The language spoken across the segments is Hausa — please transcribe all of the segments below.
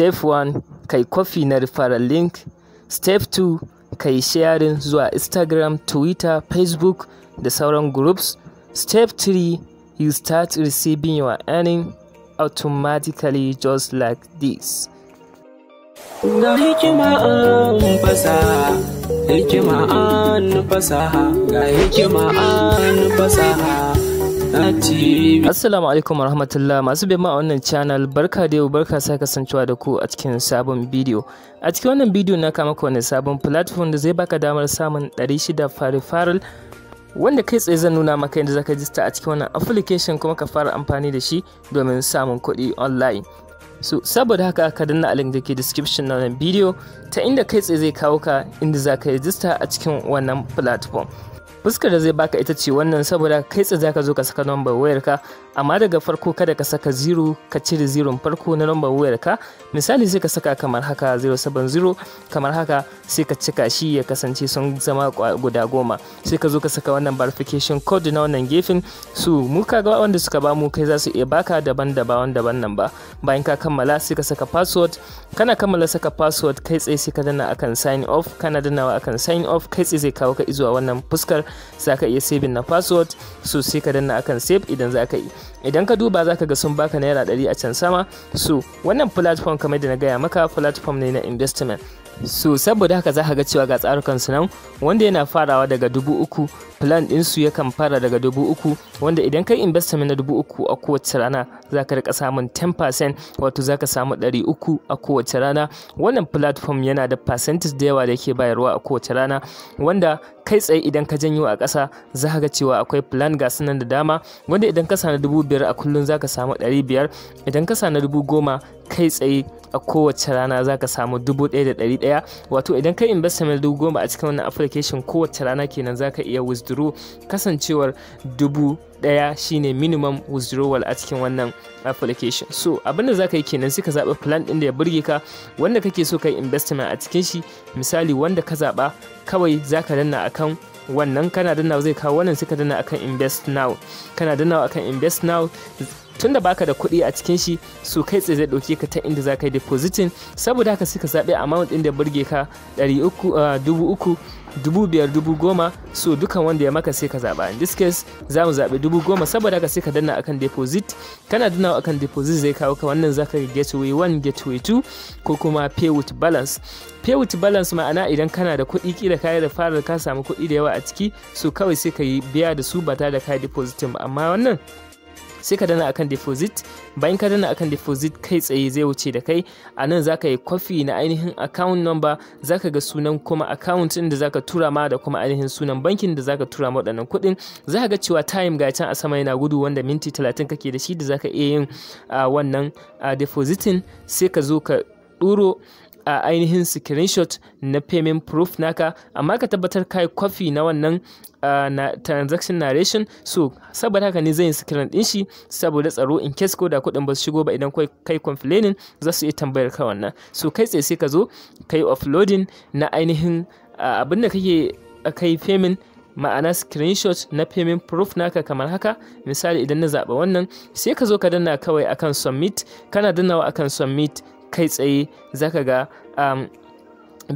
Step 1 – Kai kwafi na referral link Step 2 – Kai sharing zuwa Instagram, Twitter, Facebook da sauran groups Step 3 – You start receiving your earning automatically just like this. Ga hikima an fasaha, hikima an fasaha, ga hikima an fasaha. Assalamu alaikum warahmatullah masu bin a wannan channel barka da yau barka sa kasancewa da ku a cikin sabon bidiyo. A cikin wannan bidiyo na kama ka wani sabon platform da zai baka damar samun 600 farifaril wanda kai tsaye zan nuna maka yadda zaka jista a cikin wannan application kuma ka fara amfani da shi domin samun kuɗi online. So saboda haka ka danna a link da ke description na wannan bidiyo ta inda kai tsaye zai kawo ka inda zaka rajista a cikin wannan platform. fuskar da zai baka ita ce wannan saboda kai tsaye zaka zo ka saka number wayar ka amma daga farko kada ka saka zero ka cire ziron farko na number wayar ka misali sai ka saka kamar haka 070 kamar haka sai ka cika shi ya kasance sun zama guda goma sai ka zo ka saka wannan verification code na wannan gefen su mu kaga wanda suka ba mu kai za su iya baka daban daban daban nan ba bayan ka kammala sai ka saka password kana kammala saka password kai tsaye sai ka dana akan sign off kana danawa akan sign off kai tsaye zai kawo ka zuwa wannan fuskar za ka iya saving na password so sai ka danna akan save idan za ka yi idan ka duba za ka ga sun baka naira ɗari a can sama su wannan platform kamar da na gaya maka platform ne na investment su saboda haka za ka ga cewa ga tsarukan su nan wanda yana farawa daga dubu uku plan su yakan fara daga dubu uku wanda idan kai investment na dubu uku a kowace rana za ka rika samun 10% wato za ka samu ɗari uku a kowace rana wannan platform yana da percentage da yawa da yake bayarwa a kowace rana wanda kai tsaye idan ka janyo a ƙasa za ka ga cewa akwai plan ga nan da dama wanda idan ka sami dubu biyar a kullum zaka samu ɗari biyar idan ka sami dubu goma kai tsaye a kowace rana zaka ka samu dubu ɗaya da ɗari ɗaya wato idan kai investment dubu goma a cikin wannan application kowace rana kenan zaka iya withdraw kasancewar dubu ɗaya shine minimum withdrawal a cikin wannan application so abin da za yi kenan sai ka zaɓi plan ɗin da ya burge ka wanda kake so ka yi investment a cikin shi misali wanda ka zaɓa kawai zaka danna akan wannan kana dannawa zai kawo wannan sai ka akan invest now kana dannawa akan invest now tunda baka da kuɗi a cikin shi su kai tsaye zai ɗauke ka ta inda za ka yi depositin saboda haka sai ka zaɓi amount ɗin da burge ka ɗari uku dubu uku dubu biyar dubu goma so duka wanda ya maka sai ka zaɓa in this case za mu zaɓi dubu goma saboda haka sai ka danna akan deposit kana danna akan deposit zai kawo ka wannan zaka ga gateway one, gateway two. ko kuma pay with balance pay with balance ma'ana idan kana da kuɗi kila kayi da fara ka samu kuɗi da yawa a ciki so kawai sai ka yi biya da su ba tare da ka deposit ba amma wannan sai ka dana akan deposit bayan ka dana akan deposit kai tsaye zai wuce da kai a nan za ka yi kwafi na ainihin account number za ka ga sunan kuma account ɗin da za ka tura ma da kuma ainihin sunan bankin da za ka tura ma waɗannan kuɗin za ka ga cewa time ga can a sama yana gudu wanda minti talatin kake da shi da za ka iya yin ah, wannan ah, depositin sai ka zo ka ɗuro a ainihin screenshot na payment proof naka amma ka tabbatar kai kwafi na wannan na transaction narration so saboda haka ne zai yi screen din shi saboda tsaro in case ko da kuɗin ba su shigo ba idan kai complaining za su iya tambayar ka wannan so kai tsaye sai ka zo kai offloading na ainihin abin da kake kai payment ma'ana screenshot na payment proof naka kamar haka misali idan na zaɓa wannan sai ka zo ka danna kawai akan submit kana dannawa akan submit kai tsaye zaka ga um,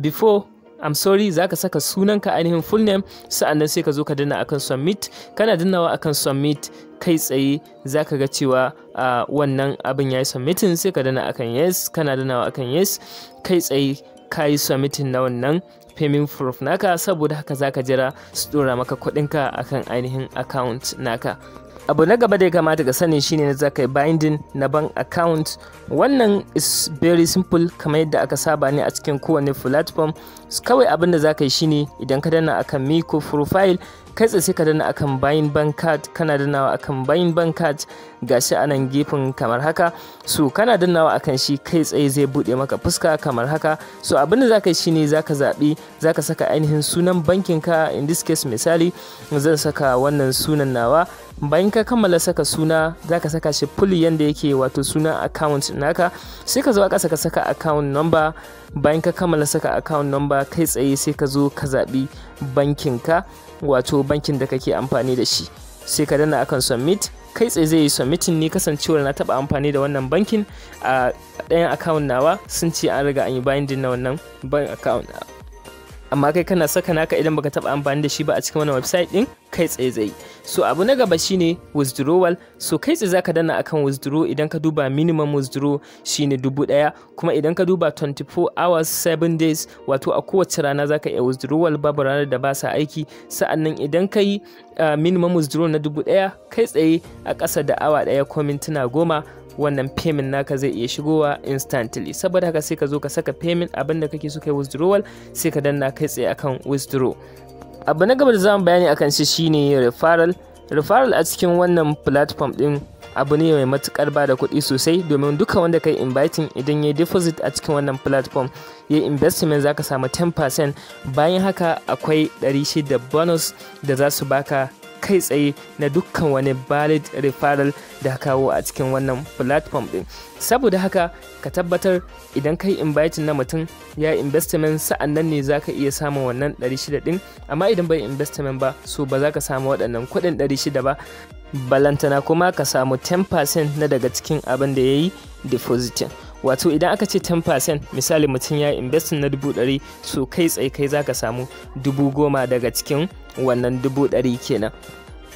before I'm sorry za ka saka sunanka ainihin full name sa'annan sai ka zo ka danna akan submit kana dannawa akan submit kai tsaye za ka ga cewa uh, wannan abin ya yi submitin sai ka danna akan yes kana dannawa akan yes kai tsaye ka yi submitin na wannan payment proof naka saboda haka za ka jira su dora maka kuɗinka akan ainihin account naka abu na gaba da ya kamata ka sani shine na zaka yi binding na bank account wannan is very simple kamar yadda aka saba ne a cikin kowane platform kawai abin da za ka yi shine idan ka danna akan miko profile kai tsaye ka danna akan bayin bank card kana dannawa akan bayin bank card gashi a nan gefen kamar haka so kana dannawa akan shi kai tsaye zai bude maka fuska kamar haka so abin da za ka yi shine za ka zaɓi za ka saka ainihin sunan bankin ka in this case misali zan saka wannan sunan nawa bayan ka kammala saka suna za ka saka shi full yanda yake wato suna account naka sai ka zo ka saka account number bayan ka kammala saka account number ba kai tsaye sai ka zo ka zaɓi bankin ka wato bankin da kake amfani da shi sai ka danna akan submit kai tsaye zai yi submitting ne kasancewar na taba amfani da wannan bankin a ɗayan account nawa sun ce an riga an yi binding na wannan bank account amma kai kana saka naka idan baka taba amfani da shi ba a cikin wannan website din kai tsaye zai so abu na gaba shine withdrawal so kai tsaye zaka danna akan withdraw idan ka duba minimum withdraw shine dubu daya kuma idan ka duba 24 hours 7 days wato a kowace rana zaka iya withdrawal babu ranar da ba sa aiki sa'annan idan ka yi ah, minimum withdraw na dubu daya kai tsaye a ƙasa da awa daya ko mintuna goma wannan payment naka zai iya shigowa instantly saboda haka sai ka zo ka saka payment abinda kake so kai withdrawal sai ka danna kai tsaye akan withdraw abu na gaba da zamu bayani akan shi shine referral referral a cikin wannan platform din abu ne mai matukar ba da kuɗi sosai domin duka wanda kai inviting idan ya deposit a cikin wannan platform ya investment zaka samu 10% bayan haka akwai 600 bonus da za su baka kai tsaye na dukkan wani valid referral da ka kawo a cikin wannan platform din saboda haka ka tabbatar idan kai invite na mutum ya investment sa'an nan ne za ka iya samun wannan 600 din amma idan bai investment ba so ba za ka samu waɗannan kuɗin 600 ba balantana kuma ka samu 10% na daga cikin abin da ya yi depositing wato idan aka ce 10% misali mutum ya investin na dubu ɗari su kai tsaye kai zaka samu dubu goma daga cikin wannan dubu ɗari kenan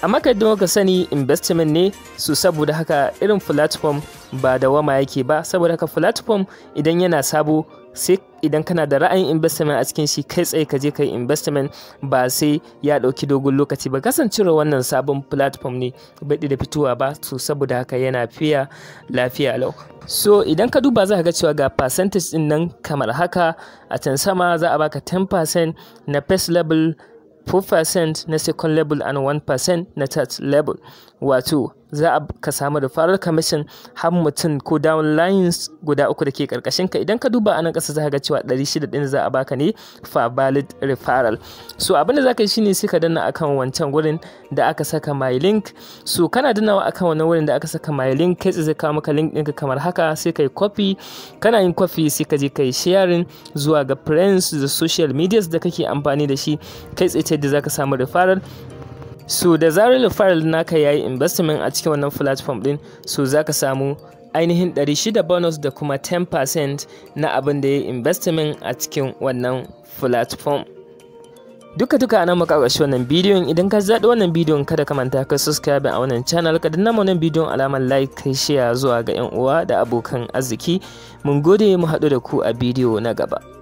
amma ka muka sani investment ne su saboda haka irin platform ba da wama yake ba saboda haka platform idan yana sabo sai idan kana da ra'ayin investment a cikin shi kai tsaye ka je ka yi investment ba sai ya ɗauki dogon lokaci ba kasancewa wannan sabon platform ne baɗi da fitowa ba to saboda haka yana fiya lafiya lau so idan ka duba za ka ga cewa ga percentage din nan kamar haka a can sama za a baka 10% na first level 4% na second level and 1% na third level wato za ka samu referral commission har mutum ko downlines guda uku da ke karkashin ka idan ka duba a nan ƙasa za ka ga cewa 600 din za a baka ne for valid referral so abin da za ka yi shine sai ka danna akan wancan gurin da aka saka my link so kana dannawa akan wannan wurin da aka saka my link kai tsaye kawo maka link ɗinka kamar haka sai ka yi copy kana yin copy sai ka je ka yi sharing zuwa ga friends da social medias da kake amfani da shi kai tsaye da za ka samu referral so da zarar referral naka yi investment a cikin wannan platform din so zaka samu ainihin 600 bonus da kuma 10% na abin da ya yi investment a cikin wannan platform duka duka ana maka ƙarshe wannan bidiyon idan ka zaɗi wannan bidiyon kada ka manta ka subscribe a wannan channel ka danna wannan bidiyon alamar like kai share zuwa ga yan uwa da abokan arziki mun gode mu haɗu da ku a bidiyo na gaba